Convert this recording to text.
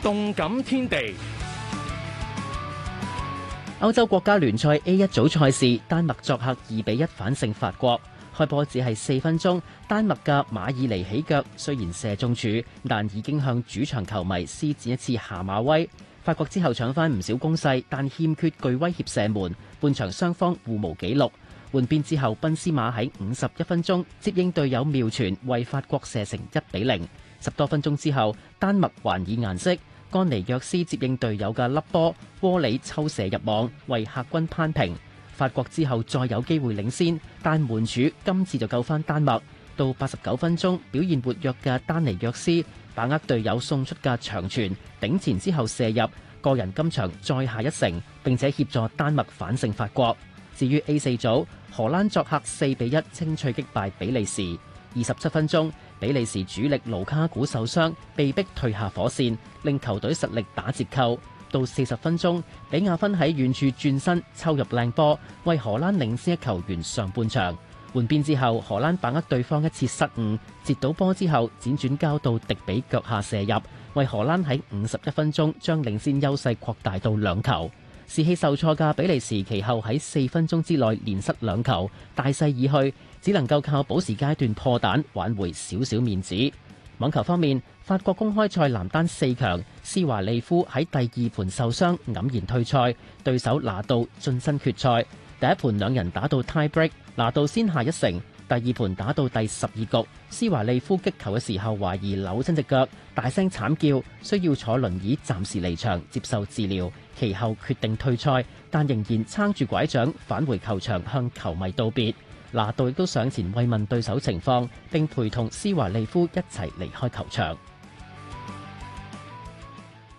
動感天地，歐洲國家聯賽 A 一組賽事，丹麥作客二比一反勝法國。開波只係四分鐘，丹麥嘅馬爾尼起腳，雖然射中柱，但已經向主場球迷施展一次下馬威。法國之後搶翻唔少攻勢，但欠缺具威脅射門。半場雙方互無紀錄。換邊之後，賓斯馬喺五十一分鐘接應隊友妙傳，為法國射成一比零。十多分鐘之後，丹麥還以顏色，干尼約斯接應隊友嘅粒波，窩利抽射入網，為客軍攀平。法國之後再有機會領先，但門柱今次就救翻丹麥。到八十九分鐘，表現活躍嘅丹尼約斯把握隊友送出嘅長傳，頂前之後射入，個人今場再下一城，並且協助丹麥反勝法國。至於 A 四組，荷蘭作客四比一清脆擊敗比利時。二十七分鐘，比利時主力盧卡古受傷，被迫退下火線，令球隊實力打折扣。到四十分鐘，比亞芬喺遠處轉身抽入靚波，為荷蘭領先一球。完上半場，換邊之後，荷蘭把握對方一次失誤，截到波之後，輾轉交到迪比腳下射入，為荷蘭喺五十一分鐘將領先優勢擴大到兩球。士氣受挫嘅比利時，其後喺四分鐘之內連失兩球，大勢已去，只能夠靠補時階段破蛋挽回少少面子。網球方面，法國公開賽男單四強，施華利夫喺第二盤受傷黯然退賽，對手拿度晉身決賽。第一盤兩人打到 tie break，拿度先下一城。第二盤打到第十二局，施華利夫擊球嘅時候懷疑扭親隻腳，大聲慘叫，需要坐輪椅暫時離場接受治療。其後決定退賽，但仍然撐住拐杖返回球場向球迷道別。拿度亦都上前慰問對手情況，並陪同施華利夫一齊離開球場。